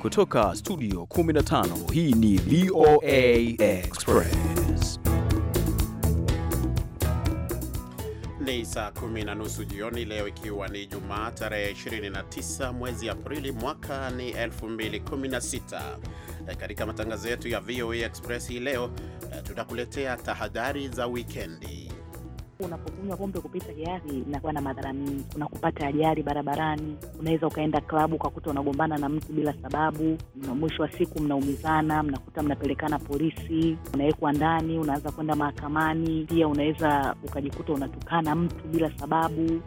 Kutoka studio 15 hii ni VOA Express. Ni saa kumi na nusu jioni leo, ikiwa ni Jumaa tarehe 29 mwezi Aprili mwaka ni 2016. Eh, katika matangazo yetu ya VOA Express hii leo eh, tutakuletea tahadhari za wikendi Unapokunywa pombe kupita kiasi inakuwa na madhara mingi Kuna kupata ajali barabarani, unaweza ukaenda klabu ukakuta unagombana na mtu bila sababu, mwisho wa siku mnaumizana, mnakuta mnapelekana polisi, unawekwa ndani, unaanza kwenda mahakamani. Pia unaweza ukajikuta unatukana mtu bila sababu.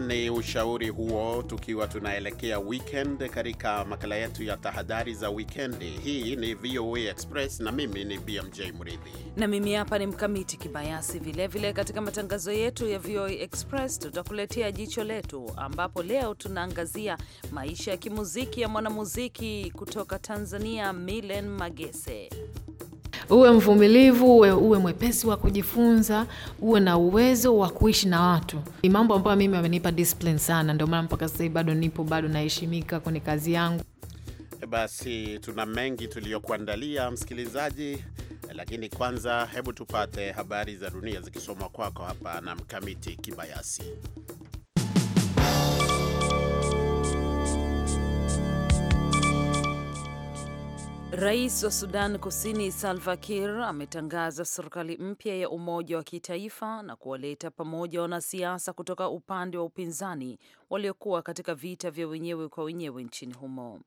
Ni ushauri huo tukiwa tunaelekea weekend katika makala yetu ya tahadhari za wikendi. Hii ni VOA Express na mimi ni BMJ Mridhi na mimi hapa ni Mkamiti Kibayasi. Vilevile katika matangazo yetu ya VOA Express tutakuletea jicho letu, ambapo leo tunaangazia maisha ya kimuziki ya mwanamuziki kutoka Tanzania Milen Magese uwe mvumilivu, uwe, uwe mwepesi wa kujifunza, uwe na uwezo wa kuishi na watu. Ni mambo ambayo mimi amenipa discipline sana, ndio maana mpaka sasa bado nipo, bado naheshimika kwenye kazi yangu. Eh, basi tuna mengi tuliyokuandalia msikilizaji, lakini kwanza, hebu tupate habari za dunia zikisomwa kwako hapa na Mkamiti Kibayasi. Rais wa Sudan Kusini Salva Kiir ametangaza serikali mpya ya umoja wa kitaifa na kuwaleta pamoja wanasiasa kutoka upande wa upinzani waliokuwa katika vita vya wenyewe kwa wenyewe nchini humo.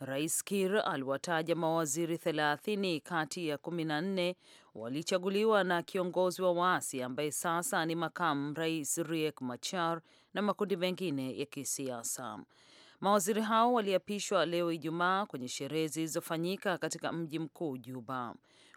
Rais Kiir aliwataja mawaziri 30 kati ya 14 walichaguliwa na kiongozi wa waasi ambaye sasa ni makamu rais Riek Machar na makundi mengine ya kisiasa. Mawaziri hao waliapishwa leo Ijumaa kwenye sherehe zilizofanyika katika mji mkuu Juba.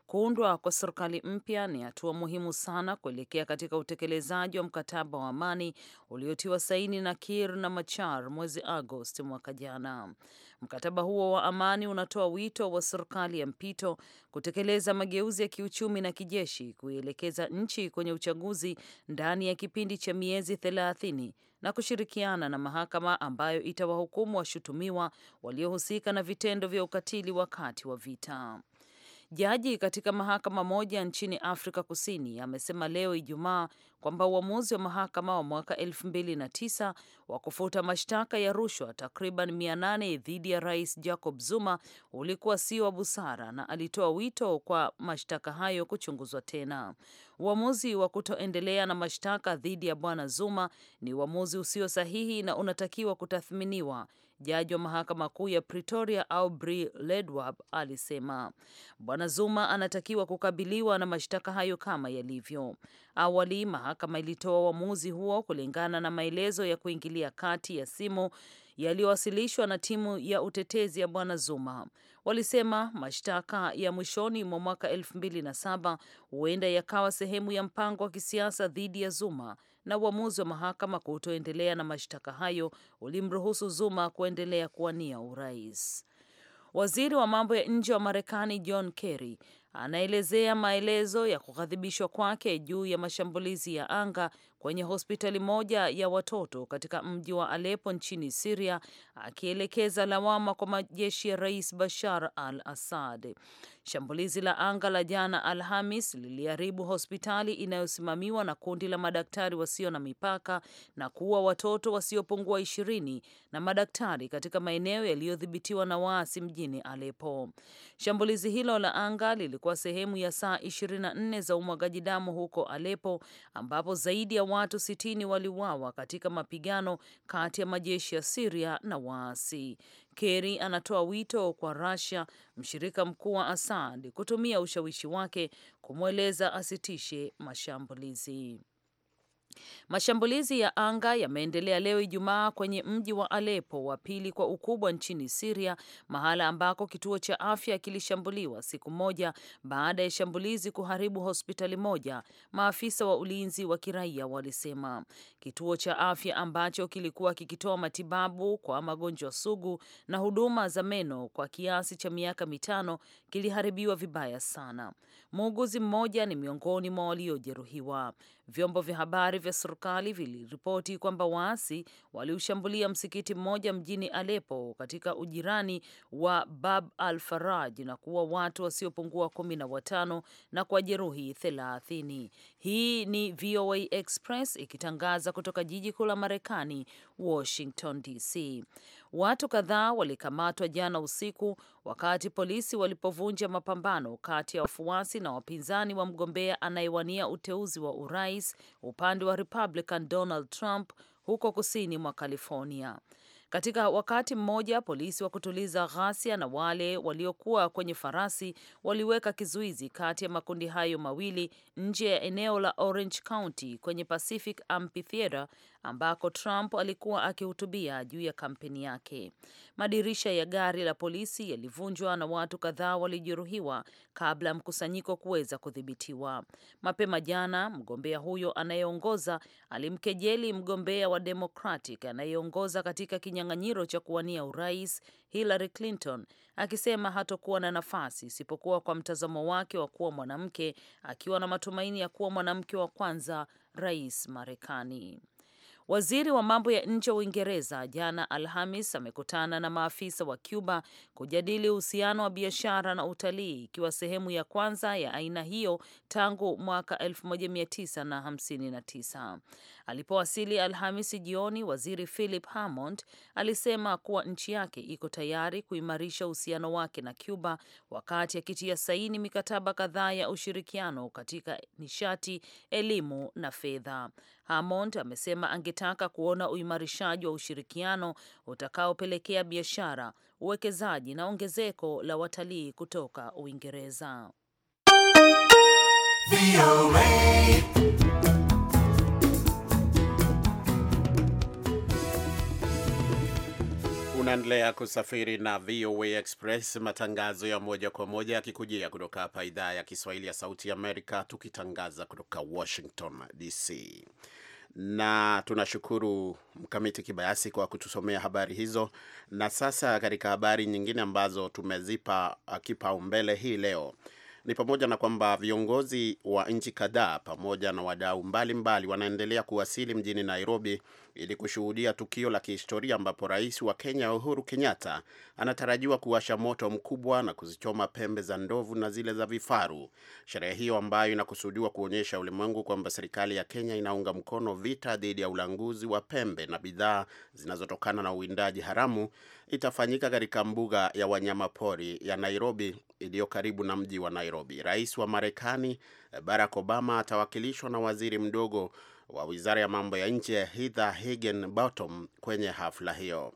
Kuundwa kwa serikali mpya ni hatua muhimu sana kuelekea katika utekelezaji wa mkataba wa amani uliotiwa saini na kir na Machar mwezi Agosti mwaka jana. Mkataba huo wa amani unatoa wito wa serikali ya mpito kutekeleza mageuzi ya kiuchumi na kijeshi, kuielekeza nchi kwenye uchaguzi ndani ya kipindi cha miezi thelathini na kushirikiana na mahakama ambayo itawahukumu washutumiwa waliohusika na vitendo vya ukatili wakati wa vita. Jaji katika mahakama moja nchini Afrika Kusini amesema leo Ijumaa kwamba uamuzi wa mahakama wa mwaka 2009 wa kufuta mashtaka ya rushwa takriban 800 dhidi ya Rais Jacob Zuma ulikuwa si wa busara na alitoa wito kwa mashtaka hayo kuchunguzwa tena. Uamuzi wa kutoendelea na mashtaka dhidi ya Bwana Zuma ni uamuzi usio sahihi na unatakiwa kutathminiwa Jaji wa mahakama kuu ya Pretoria Aubrey Ledwab alisema Bwana Zuma anatakiwa kukabiliwa na mashtaka hayo kama yalivyo. Awali mahakama ilitoa uamuzi huo kulingana na maelezo ya kuingilia kati ya simu yaliyowasilishwa na timu ya utetezi ya Bwana Zuma. Walisema mashtaka ya mwishoni mwa mwaka 2007 huenda yakawa sehemu ya mpango wa kisiasa dhidi ya Zuma na uamuzi wa mahakama kutoendelea na mashtaka hayo ulimruhusu Zuma kuendelea kuwania urais. Waziri wa mambo ya nje wa Marekani John Kerry anaelezea maelezo ya kughadhibishwa kwake juu ya mashambulizi ya anga kwenye hospitali moja ya watoto katika mji wa Aleppo nchini Syria, akielekeza lawama kwa majeshi ya Rais Bashar al-Assad. Shambulizi la anga la jana Alhamis liliharibu hospitali inayosimamiwa na kundi la madaktari wasio na mipaka na kuua watoto wasiopungua ishirini na madaktari katika maeneo yaliyodhibitiwa na waasi mjini Aleppo. Shambulizi hilo la anga lilikuwa sehemu ya saa 24 za umwagaji damu huko Aleppo ambapo zaidi ya watu sitini waliuawa katika mapigano kati ya majeshi ya Siria na waasi. Kerry anatoa wito kwa Russia, mshirika mkuu wa Assad, kutumia ushawishi wake kumweleza asitishe mashambulizi. Mashambulizi ya anga yameendelea leo Ijumaa kwenye mji wa Aleppo, wa pili kwa ukubwa nchini Siria, mahala ambako kituo cha afya kilishambuliwa siku moja baada ya shambulizi kuharibu hospitali moja, maafisa wa ulinzi wa kiraia walisema. Kituo cha afya ambacho kilikuwa kikitoa matibabu kwa magonjwa sugu na huduma za meno kwa kiasi cha miaka mitano kiliharibiwa vibaya sana. Muuguzi mmoja ni miongoni mwa waliojeruhiwa. Vyombo vya habari vya serikali viliripoti kwamba waasi waliushambulia msikiti mmoja mjini Aleppo katika ujirani wa Bab al Faraj na kuua watu wasiopungua kumi na watano na kwa jeruhi thelathini. Hii ni VOA Express ikitangaza kutoka jiji kuu la Marekani, Washington DC. Watu kadhaa walikamatwa jana usiku wakati polisi walipovunja mapambano kati ya wafuasi na wapinzani wa mgombea anayewania uteuzi wa urais upande wa Republican Donald Trump huko kusini mwa California. Katika wakati mmoja, polisi wa kutuliza ghasia na wale waliokuwa kwenye farasi waliweka kizuizi kati ya makundi hayo mawili nje ya eneo la Orange County kwenye Pacific Amphitheater ambako Trump alikuwa akihutubia juu ya kampeni yake. Madirisha ya gari la polisi yalivunjwa na watu kadhaa walijeruhiwa kabla ya mkusanyiko kuweza kudhibitiwa. Mapema jana, mgombea huyo anayeongoza alimkejeli mgombea wa Democratic anayeongoza katika kinyang'anyiro cha kuwania urais Hillary Clinton, akisema hatokuwa na nafasi isipokuwa kwa mtazamo wake wa kuwa mwanamke, akiwa na matumaini ya kuwa mwanamke wa kwanza rais Marekani. Waziri wa mambo ya nje wa Uingereza jana Alhamis amekutana na maafisa wa Cuba kujadili uhusiano wa biashara na utalii ikiwa sehemu ya kwanza ya aina hiyo tangu mwaka 1959. Alipowasili Alhamisi jioni, waziri Philip Hammond alisema kuwa nchi yake iko tayari kuimarisha uhusiano wake na Cuba wakati akitia saini mikataba kadhaa ya ushirikiano katika nishati, elimu na fedha. Hammond amesema angetaka kuona uimarishaji wa ushirikiano utakaopelekea biashara, uwekezaji na ongezeko la watalii kutoka Uingereza. Unaendelea kusafiri na VOA Express, matangazo ya moja kwa moja yakikujia kutoka hapa idhaa ya Kiswahili ya Sauti ya Amerika, tukitangaza kutoka Washington DC na tunashukuru Mkamiti Kibayasi kwa kutusomea habari hizo. Na sasa katika habari nyingine ambazo tumezipa uh, kipaumbele hii leo ni pamoja na kwamba viongozi wa nchi kadhaa pamoja na wadau mbalimbali wanaendelea kuwasili mjini Nairobi ili kushuhudia tukio la kihistoria ambapo rais wa Kenya Uhuru Kenyatta anatarajiwa kuwasha moto mkubwa na kuzichoma pembe za ndovu na zile za vifaru. Sherehe hiyo ambayo inakusudiwa kuonyesha ulimwengu kwamba serikali ya Kenya inaunga mkono vita dhidi ya ulanguzi wa pembe na bidhaa zinazotokana na uwindaji haramu itafanyika katika mbuga ya wanyamapori ya Nairobi iliyo karibu na mji wa Nairobi. Rais wa Marekani eh, Barack Obama atawakilishwa na waziri mdogo wa wizara ya mambo ya nje Heather Higginbotham kwenye hafla hiyo.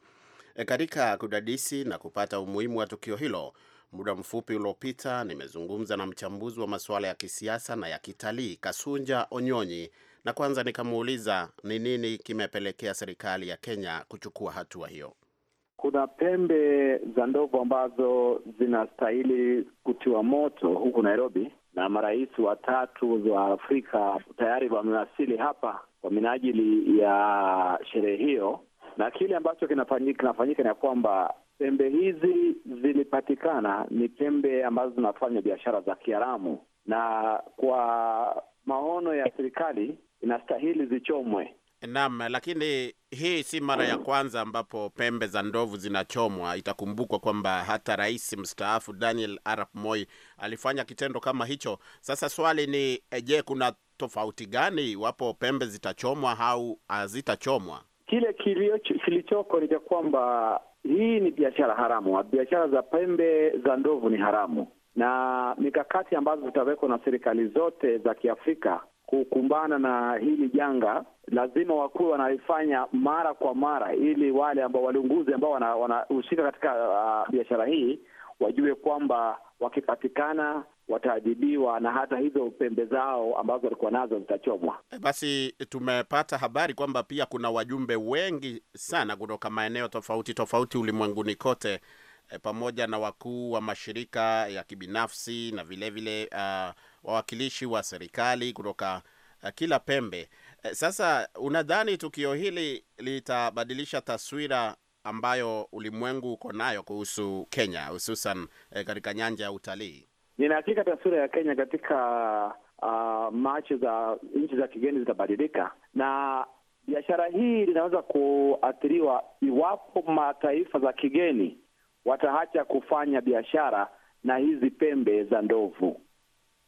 E, katika kudadisi na kupata umuhimu wa tukio hilo, muda mfupi uliopita nimezungumza na mchambuzi wa masuala ya kisiasa na ya kitalii Kasunja Onyonyi, na kwanza nikamuuliza ni nini kimepelekea serikali ya Kenya kuchukua hatua hiyo. Kuna pembe za ndovu ambazo zinastahili kutiwa moto huku Nairobi, na marais watatu wa Afrika tayari wamewasili hapa kwa minajili ya sherehe hiyo, na kile ambacho kinafanyika kinafanyika ni kwamba pembe hizi zilipatikana ni pembe ambazo zinafanya biashara za Kiaramu, na kwa maono ya serikali inastahili zichomwe Naam, lakini hii si mara ya kwanza ambapo pembe za ndovu zinachomwa. Itakumbukwa kwamba hata rais mstaafu Daniel Arap Moi alifanya kitendo kama hicho. Sasa swali ni eh, je, kuna tofauti gani iwapo pembe zitachomwa au hazitachomwa? Kile kilichoko ni cha kwamba hii ni biashara haramu. Biashara za pembe za ndovu ni haramu, na mikakati ambazo zitawekwa na serikali zote za Kiafrika kukumbana na hili janga lazima wakuwe wanaifanya mara kwa mara, ili wale ambao walunguzi ambao wanahusika wana katika uh, biashara hii wajue kwamba wakipatikana wataadhibiwa na hata hizo pembe zao ambazo walikuwa nazo zitachomwa. Eh, basi tumepata habari kwamba pia kuna wajumbe wengi sana kutoka maeneo tofauti tofauti ulimwenguni kote eh, pamoja na wakuu wa mashirika ya kibinafsi na vilevile vile, uh, wawakilishi wa serikali kutoka eh, kila pembe. Eh, sasa unadhani tukio hili litabadilisha taswira ambayo ulimwengu uko nayo kuhusu Kenya hususan eh, katika nyanja ya utalii? Nina hakika taswira ya Kenya katika uh, ah, macho za nchi za kigeni zitabadilika, na biashara hii linaweza kuathiriwa iwapo mataifa za kigeni wataacha kufanya biashara na hizi pembe za ndovu.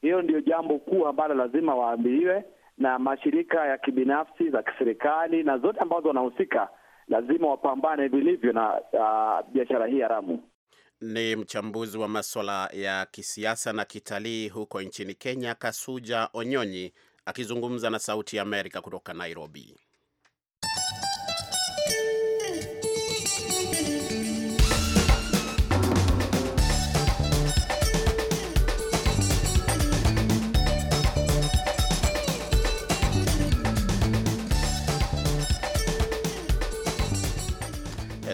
Hiyo ndio jambo kuu ambalo lazima waambiwe na mashirika ya kibinafsi za kiserikali na zote ambazo wanahusika lazima wapambane vilivyo na uh, biashara hii haramu. Ni mchambuzi wa maswala ya kisiasa na kitalii huko nchini Kenya, Kasuja Onyonyi akizungumza na Sauti ya Amerika kutoka Nairobi.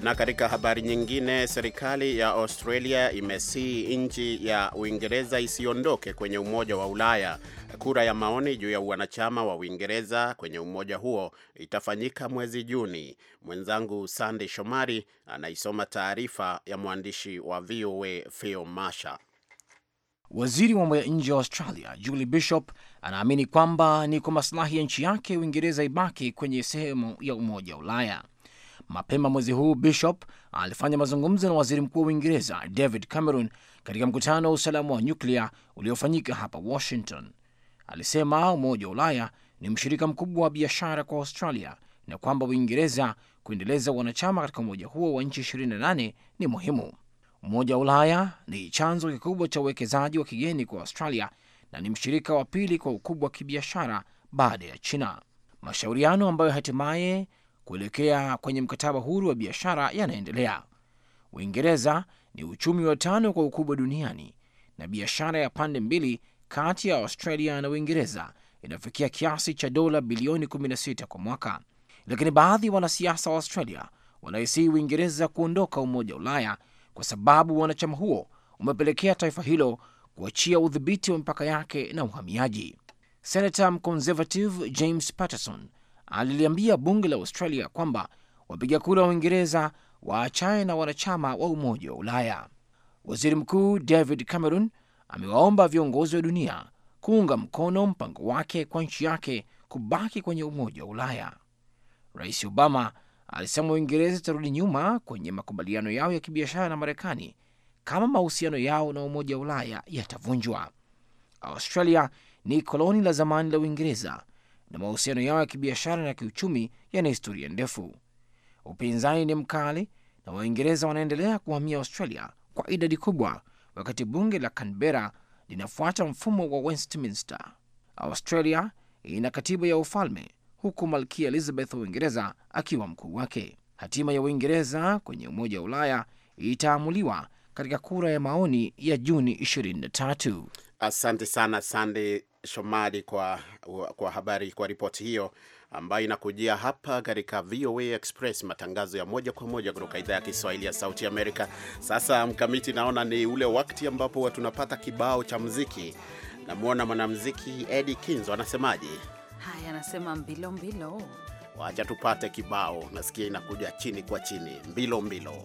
Na katika habari nyingine, serikali ya Australia imesii nchi ya Uingereza isiondoke kwenye Umoja wa Ulaya. Kura ya maoni juu ya wanachama wa Uingereza kwenye umoja huo itafanyika mwezi Juni. Mwenzangu Sandey Shomari anaisoma taarifa ya mwandishi wa VOA Phil Masha. Waziri wa mambo ya nje wa Australia Julie Bishop anaamini kwamba ni kwa masilahi ya nchi yake Uingereza ibaki kwenye sehemu ya umoja wa Ulaya. Mapema mwezi huu Bishop alifanya mazungumzo na waziri mkuu wa Uingereza David Cameron katika mkutano wa usalama wa nyuklia uliofanyika hapa Washington. Alisema Umoja wa Ulaya ni mshirika mkubwa wa biashara kwa Australia na kwamba Uingereza kuendeleza wanachama katika umoja huo wa nchi 28 ni muhimu. Umoja wa Ulaya ni chanzo kikubwa cha uwekezaji wa kigeni kwa Australia na ni mshirika wa pili kwa ukubwa wa kibiashara baada ya China. Mashauriano ambayo hatimaye kuelekea kwenye mkataba huru wa biashara yanaendelea. Uingereza ni uchumi wa tano kwa ukubwa duniani na biashara ya pande mbili kati ya Australia na Uingereza inafikia kiasi cha dola bilioni 16 kwa mwaka, lakini baadhi ya wanasiasa wa Australia wanaisihi Uingereza kuondoka Umoja wa Ulaya kwa sababu wanachama huo umepelekea taifa hilo kuachia udhibiti wa mipaka yake na uhamiaji. Senata mconservative James Patterson aliliambia bunge la Australia kwamba wapiga kura wa Uingereza waachane na wanachama wa Umoja wa Ulaya. Waziri Mkuu David Cameron amewaomba viongozi wa dunia kuunga mkono mpango wake kwa nchi yake kubaki kwenye Umoja wa Ulaya. Rais Obama alisema Uingereza itarudi nyuma kwenye makubaliano yao ya kibiashara na Marekani kama mahusiano yao na Umoja wa Ulaya yatavunjwa. Australia ni koloni la zamani la Uingereza na mahusiano yao ya kibiashara na kiuchumi yana historia ndefu. Upinzani ni mkali na Waingereza wanaendelea kuhamia Australia kwa idadi kubwa, wakati bunge la Canberra linafuata mfumo wa Westminster. Australia ina katiba ya ufalme huku Malkia Elizabeth wa Uingereza akiwa mkuu wake. Hatima ya Uingereza kwenye Umoja wa Ulaya itaamuliwa katika kura ya maoni ya Juni 23. Asante sana Sande shomali kwa, kwa habari kwa ripoti hiyo ambayo inakujia hapa katika VOA Express, matangazo ya moja kwa moja kutoka idhaa ya Kiswahili ya Sauti Amerika. Sasa mkamiti, naona ni ule wakati ambapo tunapata kibao cha muziki. Namwona mwanamuziki Eddie kinz anasemaje? Haya, anasema mbilo mbilo. Wacha tupate kibao, nasikia inakuja chini kwa chini, mbilo mbilo.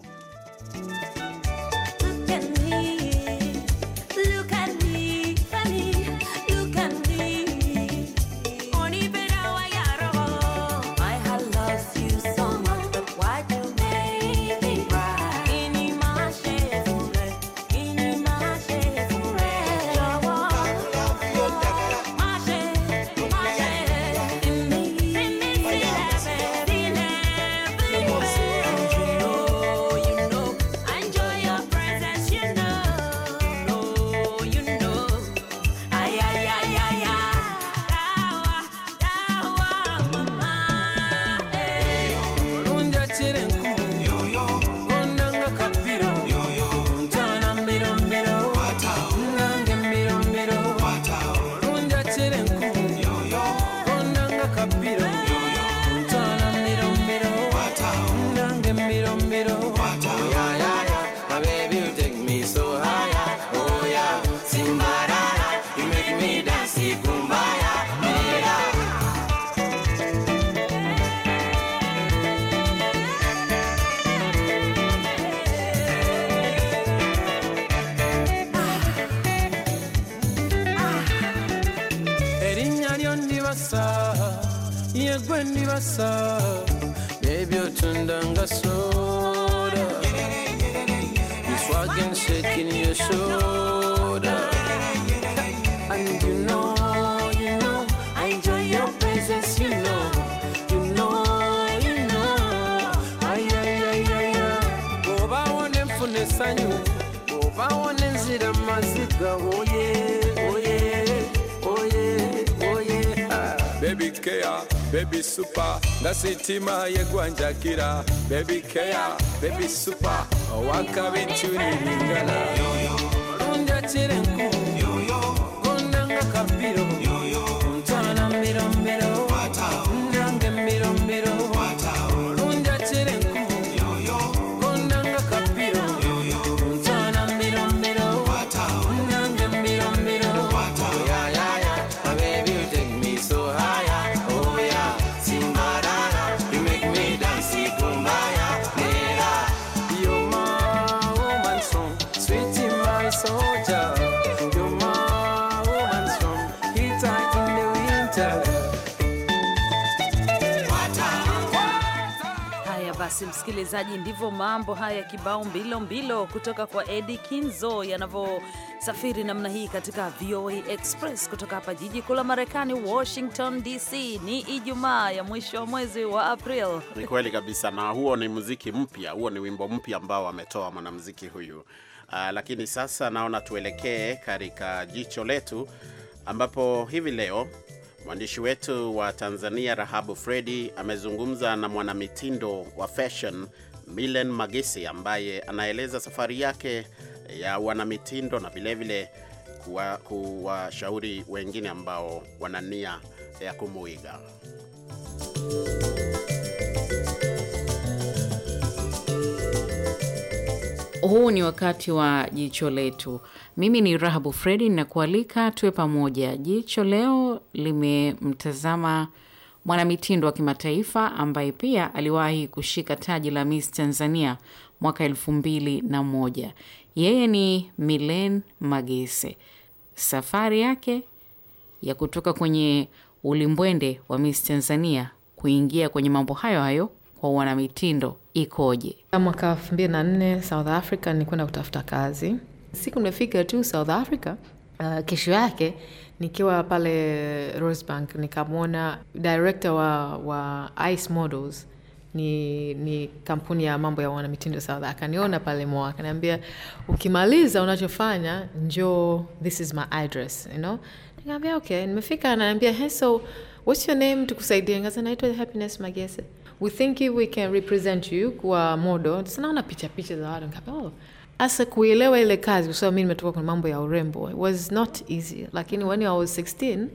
And you know, you know, I enjoy your presence, you know. You know, you know. Ay, ay, ay, ay, ay. Go back on and finish, I Go back on and see the mazika, oh yeah, oh yeah, oh yeah, oh yeah. Baby Kaya. baby super, that's it, Tima, ye guanjakira. Baby Kea, baby super owaka bituniningana undya kirenku gondanga kabiro basi msikilizaji, ndivyo mambo haya ya kibao mbilo mbilo kutoka kwa Eddie Kinzo yanavyosafiri namna hii katika VOA Express kutoka hapa jiji kuu la Marekani, Washington DC. Ni Ijumaa ya mwisho wa mwezi wa April. Ni kweli kabisa, na huo ni muziki mpya, huo ni wimbo mpya ambao ametoa mwanamuziki huyu. Uh, lakini sasa naona tuelekee katika jicho letu ambapo hivi leo Mwandishi wetu wa Tanzania Rahabu Fredi amezungumza na mwanamitindo wa fashion Milen Magisi ambaye anaeleza safari yake ya wanamitindo na vilevile kuwashauri wengine ambao wana nia ya kumuiga. Huu ni wakati wa jicho letu. Mimi ni Rahabu Fredi, ninakualika tuwe pamoja. Jicho leo limemtazama mwanamitindo wa kimataifa ambaye pia aliwahi kushika taji la Miss Tanzania mwaka elfu mbili na moja. Yeye ni Milen Magese. Safari yake ya kutoka kwenye ulimbwende wa Miss Tanzania kuingia kwenye mambo hayo hayo kwa wanamitindo ikoje? Mwaka elfu mbili na nne South Africa nilikwenda kutafuta kazi. Siku nimefika tu South Africa, uh, kesho yake nikiwa pale Rosebank nikamwona director wa, wa Ice Models ni, ni kampuni ya mambo ya wanamitindo South Akaniona pale MOA, akaniambia ukimaliza unachofanya njoo, this is my address you know? Nikaambia okay, nimefika. Ananiambia hey, so what's your name, tukusaidie. Ngaza naitwa Happiness Magese we think we can represent you kwa modo sinaona picha picha za watu oh. Asa kuelewa ile kazi, kwa mi nimetoka kwenye mambo ya urembo, it was not easy, lakini when I was 16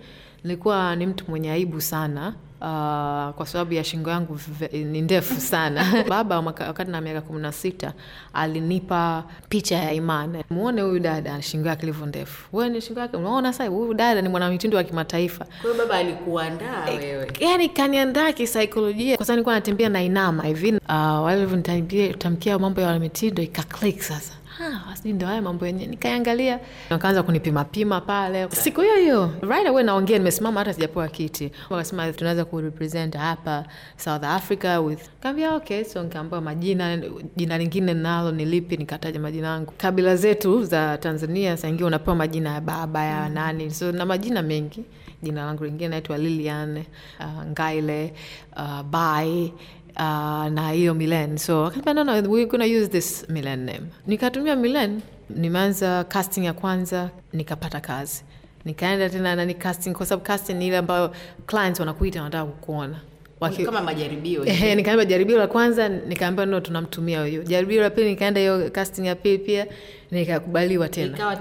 nilikuwa ni mtu mwenye aibu sana uh, kwa sababu ya shingo yangu ni ndefu sana baba wakati na miaka kumi na sita alinipa picha ya Imani, muone huyu dada shingo yake ilivyo ndefu, we ni shingo yake unaona. sa huyu dada ni mwanamitindo wa kimataifa, baba alikuandaa eh, wewe yani kaniandaa kisaikolojia, kwa sababu nilikuwa natembea na inama hivi uh, ah, walivyo tamkia mambo ya wanamitindo, ikaclick sasa Ah, ndo haya mambo yenyewe. Nikaangalia, wakaanza kunipimapima pale siku hiyo hiyo, right away naongea, nimesimama hata sijapewa kiti. Wakasema tunaweza kurepresent hapa South Africa with, kaambia okay. So nikaambiwa majina, jina lingine nalo ni lipi? Nikataja majina yangu, kabila zetu za Tanzania. Saingia unapewa majina ya baba ya mm. nani, so na majina mengi. Jina langu lingine naitwa Lilian uh, Ngaile uh, Bai uh, na hiyo Milen. So akaniambia no, no, we're gonna use this Milen name. Nikatumia Milen, nimeanza casting ya kwanza, nikapata kazi nikaenda tena nani casting, kwa sababu casting ni ile ambayo clients wanakuita wanataka kukuona Waki... jaribio la kwanza, nikaambia no, tunamtumia huyo. Jaribio la pili nikaenda hiyo casting ya pili pia nikakubaliwa tena,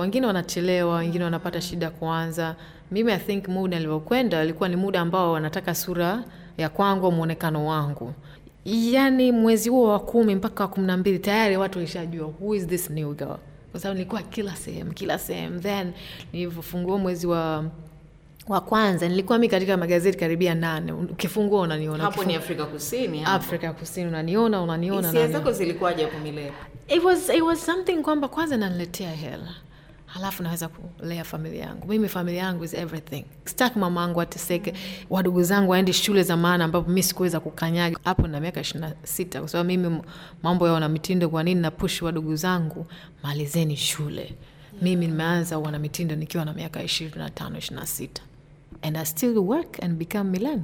wengine wanachelewa, wengine wanapata shida kuanza. Mimi I think muda nilivyokwenda alikuwa ni muda ambao wanataka sura ya kwangu, mwonekano wangu yani mwezi huo wa kumi mpaka wa kumi na mbili tayari watu walishajua who is this new girl kwa sababu nilikuwa kila sehemu kila sehemu then nilivyofungua mwezi wa wa kwanza nilikuwa mi katika magazeti karibia nane ukifungua unaniona hapo ni afrika kusini hapo. afrika kusini unaniona unaniona zako zilikuwaje hapo milele it was, it was something kwamba kwanza naniletea hela halafu naweza kulea familia yangu. Mimi familia yangu is everything. Sitaki mama angu ateseke, wadugu zangu waende shule za maana ambapo mi sikuweza kukanyaga hapo na miaka ishirina sita kwa sababu mimi mambo na mitindo Kwa nini napush wadugu zangu, malizeni shule? Mimi nimeanza mitindo nikiwa na miaka ishirini na tano ishirini na sita and I still work and become Milan.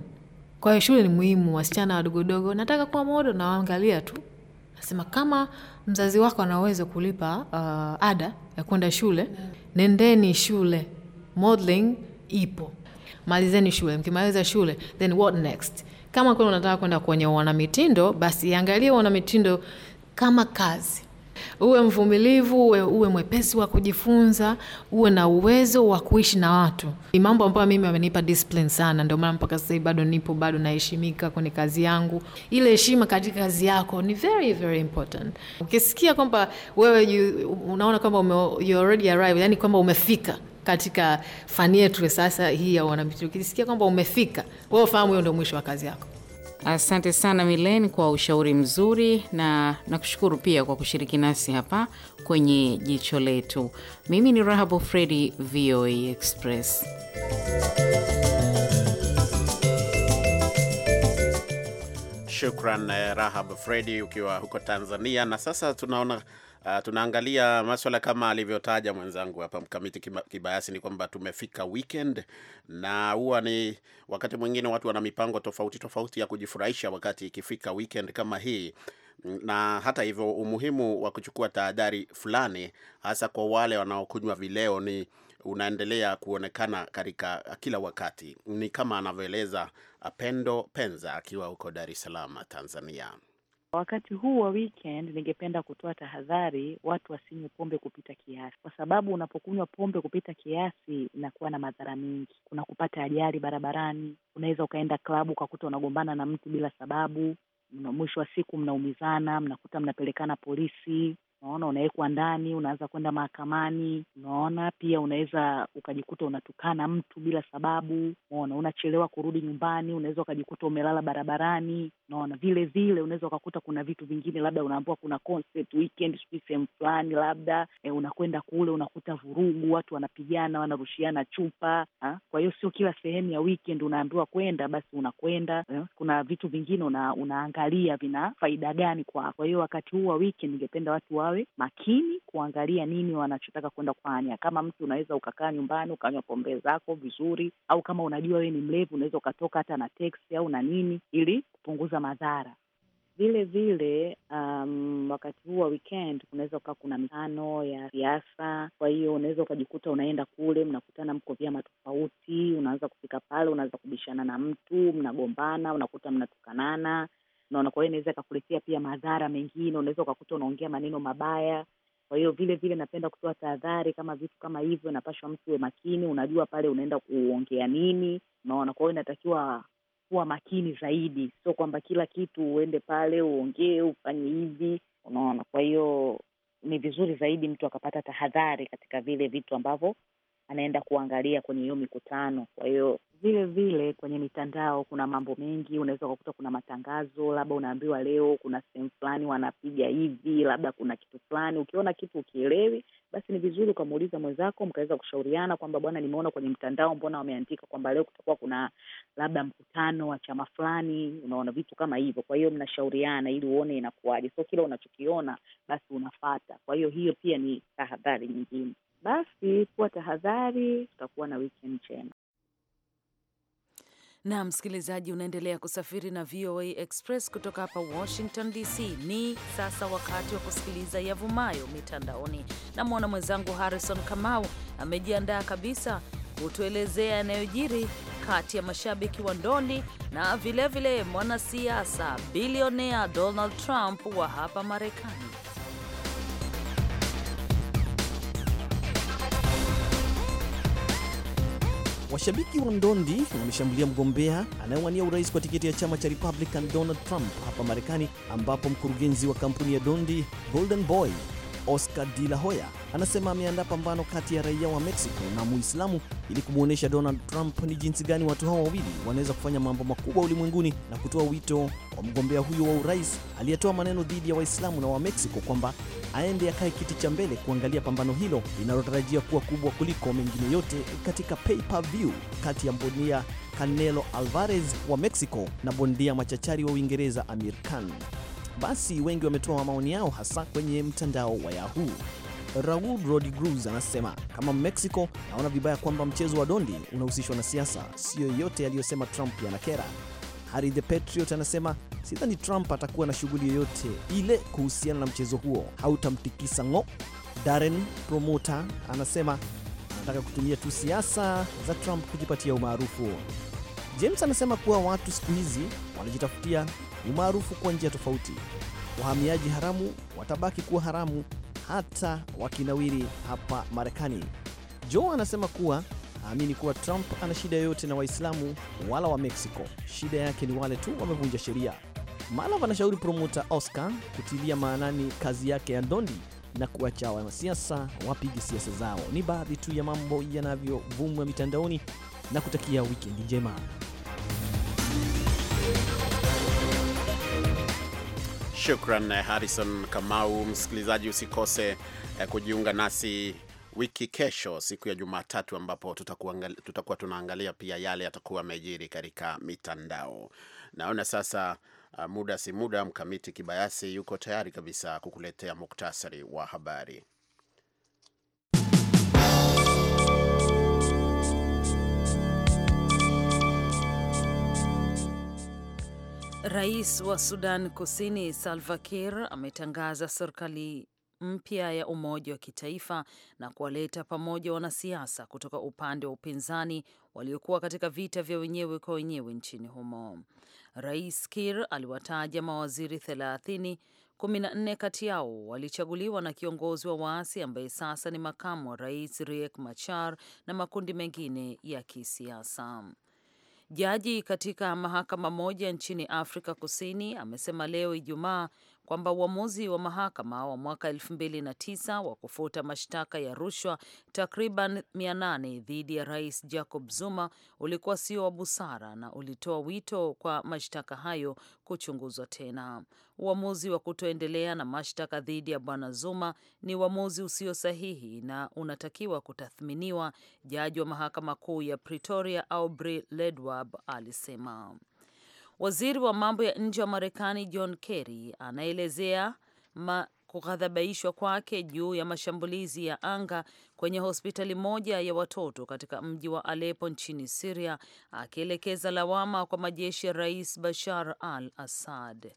Kwa hiyo shule ni muhimu, wasichana wadogodogo, nataka kuwa modo, nawaangalia tu Nasema kama mzazi wako anaweza kulipa uh, ada ya kwenda shule Nendeni shule, modeling ipo, malizeni shule. Mkimaliza shule, then what next? Kama kweli unataka kwenda kwenye wanamitindo, basi iangalie wanamitindo kama kazi uwe mvumilivu, uwe, uwe mwepesi wa kujifunza, uwe na uwezo wa kuishi na watu. Ni mambo ambayo mimi amenipa discipline sana, ndio maana mpaka sasa bado nipo, bado naheshimika kwenye kazi yangu. Ile heshima katika kazi yako ni very very important. Ukisikia kwamba wewe unaona kwamba ume, you already arrived, yani kwamba umefika katika fani yetu sasa hii ya wanamitindo, ukisikia kwamba umefika wewe, fahamu hiyo ndio mwisho wa kazi yako. Asante sana Milen kwa ushauri mzuri na nakushukuru pia kwa kushiriki nasi hapa kwenye jicho letu. Mimi ni Rahabu Fredi, VOA Express. Shukran eh, Rahab Fredi ukiwa huko Tanzania. Na sasa tunaona Uh, tunaangalia maswala kama alivyotaja mwenzangu hapa mkamiti kibayasi, ni kwamba tumefika weekend na huwa ni wakati mwingine watu wana mipango tofauti tofauti ya kujifurahisha wakati ikifika weekend kama hii na hata hivyo umuhimu wa kuchukua tahadhari fulani hasa kwa wale wanaokunywa vileo ni unaendelea kuonekana katika kila wakati. Ni kama anavyoeleza Pendo Penza akiwa huko Dar es Salaam, Tanzania wakati huu wa weekend, ningependa kutoa tahadhari watu wasinywe pombe kupita kiasi, kwa sababu unapokunywa pombe kupita kiasi inakuwa na madhara mengi. Kuna kupata ajali barabarani, unaweza ukaenda klabu ukakuta unagombana na mtu bila sababu, mwisho wa siku mnaumizana, mnakuta mnapelekana polisi. Unaona, unawekwa ndani, unaanza kwenda mahakamani. Unaona, pia unaweza ukajikuta unatukana mtu bila sababu. Unaona, unachelewa kurudi nyumbani, unaweza ukajikuta umelala barabarani. Unaona, vile vile unaweza ukakuta kuna vitu vingine, labda unaambiwa kuna concert weekend, sijui sehemu fulani, labda e, unakwenda kule unakuta vurugu, watu wanapigana, wanarushiana chupa ha? Ah. Kwa hiyo sio kila sehemu ya weekend unaambiwa kwenda, basi unakwenda. Eh. Kuna vitu vingine una, unaangalia vina faida gani kwako. Kwa hiyo wakati huu wa weekend ningependa watu wa wawe makini kuangalia nini wanachotaka kwenda kufanya. Kama mtu unaweza ukakaa nyumbani ukanywa pombe zako vizuri, au kama unajua wewe ni mrevu unaweza ukatoka hata na teksi au na nini, ili kupunguza madhara. Vile vile um, wakati huu wa weekend unaweza ukaa kuna mikano ya siasa. Kwa hiyo unaweza ukajikuta unaenda kule, mnakutana mko vyama tofauti, unaanza kufika pale, unaanza kubishana na mtu, mnagombana, unakuta mnatukanana unaona. Kwa hiyo inaweza ikakuletea pia madhara mengine, unaweza ukakuta unaongea maneno mabaya. Kwa hiyo vile vile napenda kutoa tahadhari, kama vitu kama hivyo inapashwa mtu we makini, unajua pale unaenda kuongea nini, unaona. Kwa hiyo inatakiwa kuwa makini zaidi, sio kwamba kila kitu uende pale uongee ufanye hivi, unaona. Kwa hiyo ni vizuri zaidi mtu akapata tahadhari katika vile vitu ambavyo anaenda kuangalia kwenye hiyo mikutano. Kwa hiyo vile vile kwenye mitandao kuna mambo mengi, unaweza ukakuta kuna matangazo, labda unaambiwa leo kuna sehemu fulani wanapiga hivi, labda kuna kitu fulani. Ukiona kitu ukielewi, basi ni vizuri ukamuuliza mwenzako, mkaweza kushauriana kwamba bwana, nimeona kwenye mtandao, mbona wameandika kwamba leo kutakuwa kuna labda mkutano wa chama fulani, unaona vitu kama hivyo. Kwa hiyo mnashauriana ili uone inakuwaje, so kila unachokiona basi unafata. Kwa hiyo hiyo pia ni tahadhari nyingine. Basi kuwa tahadhari, tutakuwa na wikendi njema. Na msikilizaji, unaendelea kusafiri na VOA Express kutoka hapa Washington DC. Ni sasa wakati wa kusikiliza yavumayo mitandaoni. Namwona mwenzangu Harrison Kamau amejiandaa kabisa kutuelezea yanayojiri kati ya mashabiki wa ndondi na vilevile mwanasiasa bilionea Donald Trump wa hapa Marekani. Washabiki wa ndondi wameshambulia mgombea anayewania urais kwa tiketi ya chama cha Republican Donald Trump hapa Marekani, ambapo mkurugenzi wa kampuni ya ndondi Golden Boy Oscar De La Hoya anasema ameandaa pambano kati ya raia wa Mexico na Muislamu ili kumwonyesha Donald Trump ni jinsi gani watu hao wawili wanaweza kufanya mambo makubwa ulimwenguni na kutoa wito kwa mgombea huyo wa urais aliyetoa maneno dhidi ya Waislamu na wa Mexico kwamba aende akae kiti cha mbele kuangalia pambano hilo linalotarajia kuwa kubwa kuliko mengine yote katika pay-per-view kati ya bondia Canelo Alvarez wa Mexico na bondia machachari wa Uingereza Amir Khan. Basi wengi wametoa maoni yao hasa kwenye mtandao wa Yahoo. Raul Rodriguez anasema kama Mexico, naona vibaya kwamba mchezo wa dondi unahusishwa na siasa. Siyo yote yaliyosema Trump yanakera. Harry the Patriot anasema sidhani Trump atakuwa na shughuli yoyote ile kuhusiana na mchezo huo, hautamtikisa ng'o. Darren Promota anasema anataka kutumia tu siasa za Trump kujipatia umaarufu. James anasema kuwa watu siku hizi wanajitafutia ni maarufu kwa njia tofauti. Wahamiaji haramu watabaki kuwa haramu hata wakinawiri hapa Marekani. Joe anasema kuwa haamini kuwa Trump ana shida yoyote na Waislamu wala wa Mexico. Shida yake ni wale tu wamevunja sheria. Malav anashauri promota Oscar kutilia maanani kazi yake ya ndondi na kuacha wanasiasa wapige siasa zao. Ni baadhi tu ya mambo yanavyovumwa mitandaoni na kutakia wikendi njema. Shukran eh, Harrison Kamau. Msikilizaji, usikose eh, kujiunga nasi wiki kesho, siku ya Jumatatu, ambapo tutakuwa tunaangalia pia yale yatakuwa yamejiri katika mitandao. Naona sasa ah, muda si muda, Mkamiti Kibayasi yuko tayari kabisa kukuletea muktasari wa habari. Rais wa Sudan Kusini Salva Kiir ametangaza serikali mpya ya umoja wa kitaifa na kuwaleta pamoja wanasiasa kutoka upande wa upinzani waliokuwa katika vita vya wenyewe kwa wenyewe nchini humo. Rais Kiir aliwataja mawaziri thelathini, kumi na nne kati yao walichaguliwa na kiongozi wa waasi ambaye sasa ni makamu wa rais Riek Machar na makundi mengine ya kisiasa. Jaji katika mahakama moja nchini Afrika Kusini amesema leo Ijumaa kwamba uamuzi wa mahakama wa mwaka 2009 wa kufuta mashtaka ya rushwa takriban 800 dhidi ya Rais Jacob Zuma ulikuwa sio wa busara na ulitoa wito kwa mashtaka hayo kuchunguzwa tena. Uamuzi wa kutoendelea na mashtaka dhidi ya Bwana Zuma ni uamuzi usio sahihi na unatakiwa kutathminiwa, jaji wa mahakama kuu ya Pretoria Aubrey Ledwab alisema. Waziri wa mambo ya nje wa Marekani John Kerry anaelezea kughadhabishwa kwake juu ya mashambulizi ya anga kwenye hospitali moja ya watoto katika mji wa Aleppo nchini Syria, akielekeza lawama kwa majeshi ya Rais Bashar al-Assad.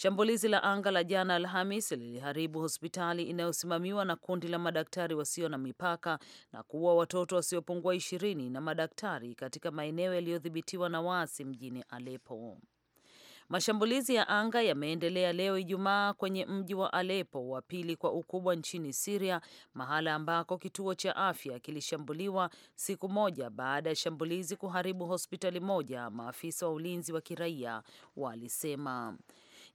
Shambulizi la anga la jana Alhamis liliharibu hospitali inayosimamiwa na kundi la madaktari wasio na mipaka na kuua watoto wasiopungua ishirini na madaktari katika maeneo yaliyodhibitiwa na waasi mjini alepo Mashambulizi ya anga yameendelea leo Ijumaa kwenye mji wa alepo wa pili kwa ukubwa nchini siria mahala ambako kituo cha afya kilishambuliwa siku moja baada ya shambulizi kuharibu hospitali moja, maafisa wa ulinzi wa kiraia walisema.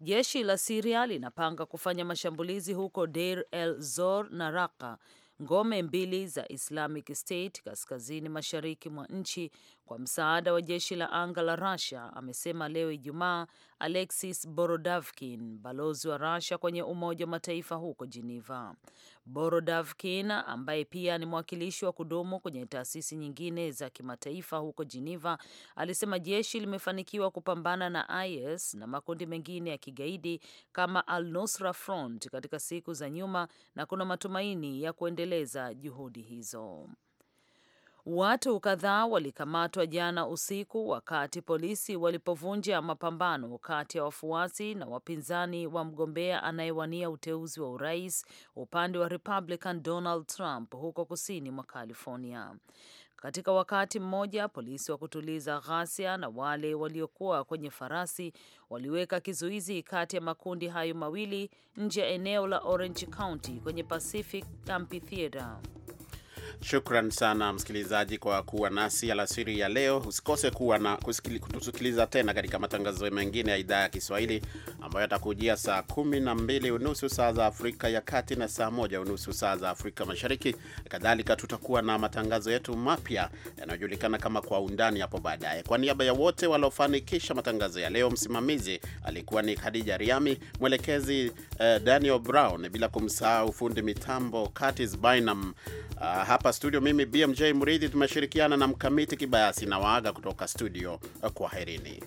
Jeshi la Siria linapanga kufanya mashambulizi huko Deir el Zor na Raka, ngome mbili za Islamic State kaskazini mashariki mwa nchi, kwa msaada wa jeshi la anga la Russia, amesema leo Ijumaa Alexis Borodavkin, balozi wa Russia kwenye Umoja wa Mataifa huko Geneva. Borodavkin ambaye pia ni mwakilishi wa kudumu kwenye taasisi nyingine za kimataifa huko Geneva alisema jeshi limefanikiwa kupambana na IS na makundi mengine ya kigaidi kama Al-Nusra Front katika siku za nyuma na kuna matumaini ya kuendeleza juhudi hizo. Watu kadhaa walikamatwa jana usiku wakati polisi walipovunja mapambano kati ya wafuasi na wapinzani wa mgombea anayewania uteuzi wa urais upande wa Republican Donald Trump huko kusini mwa California. Katika wakati mmoja, polisi wa kutuliza ghasia na wale waliokuwa kwenye farasi waliweka kizuizi kati ya makundi hayo mawili nje ya eneo la Orange County kwenye Pacific Amphitheater. Shukran sana msikilizaji kwa kuwa nasi alasiri ya leo. Usikose kuwa na kutusikiliza tena katika matangazo mengine ya idhaa ya Kiswahili ambayo yatakujia saa kumi na mbili unusu saa za Afrika ya Kati na saa moja unusu saa za Afrika Mashariki. Kadhalika tutakuwa na matangazo yetu mapya yanayojulikana kama Kwa Undani hapo baadaye. Kwa niaba ya wote waliofanikisha matangazo ya leo, msimamizi alikuwa ni Khadija Riami, mwelekezi uh, Daniel Brown, bila kumsahau fundi mitambo Curtis Bynum. Uh, hapa studio mimi BMJ Mridhi tumeshirikiana na Mkamiti Kibayasi na waaga kutoka studio, kwaherini.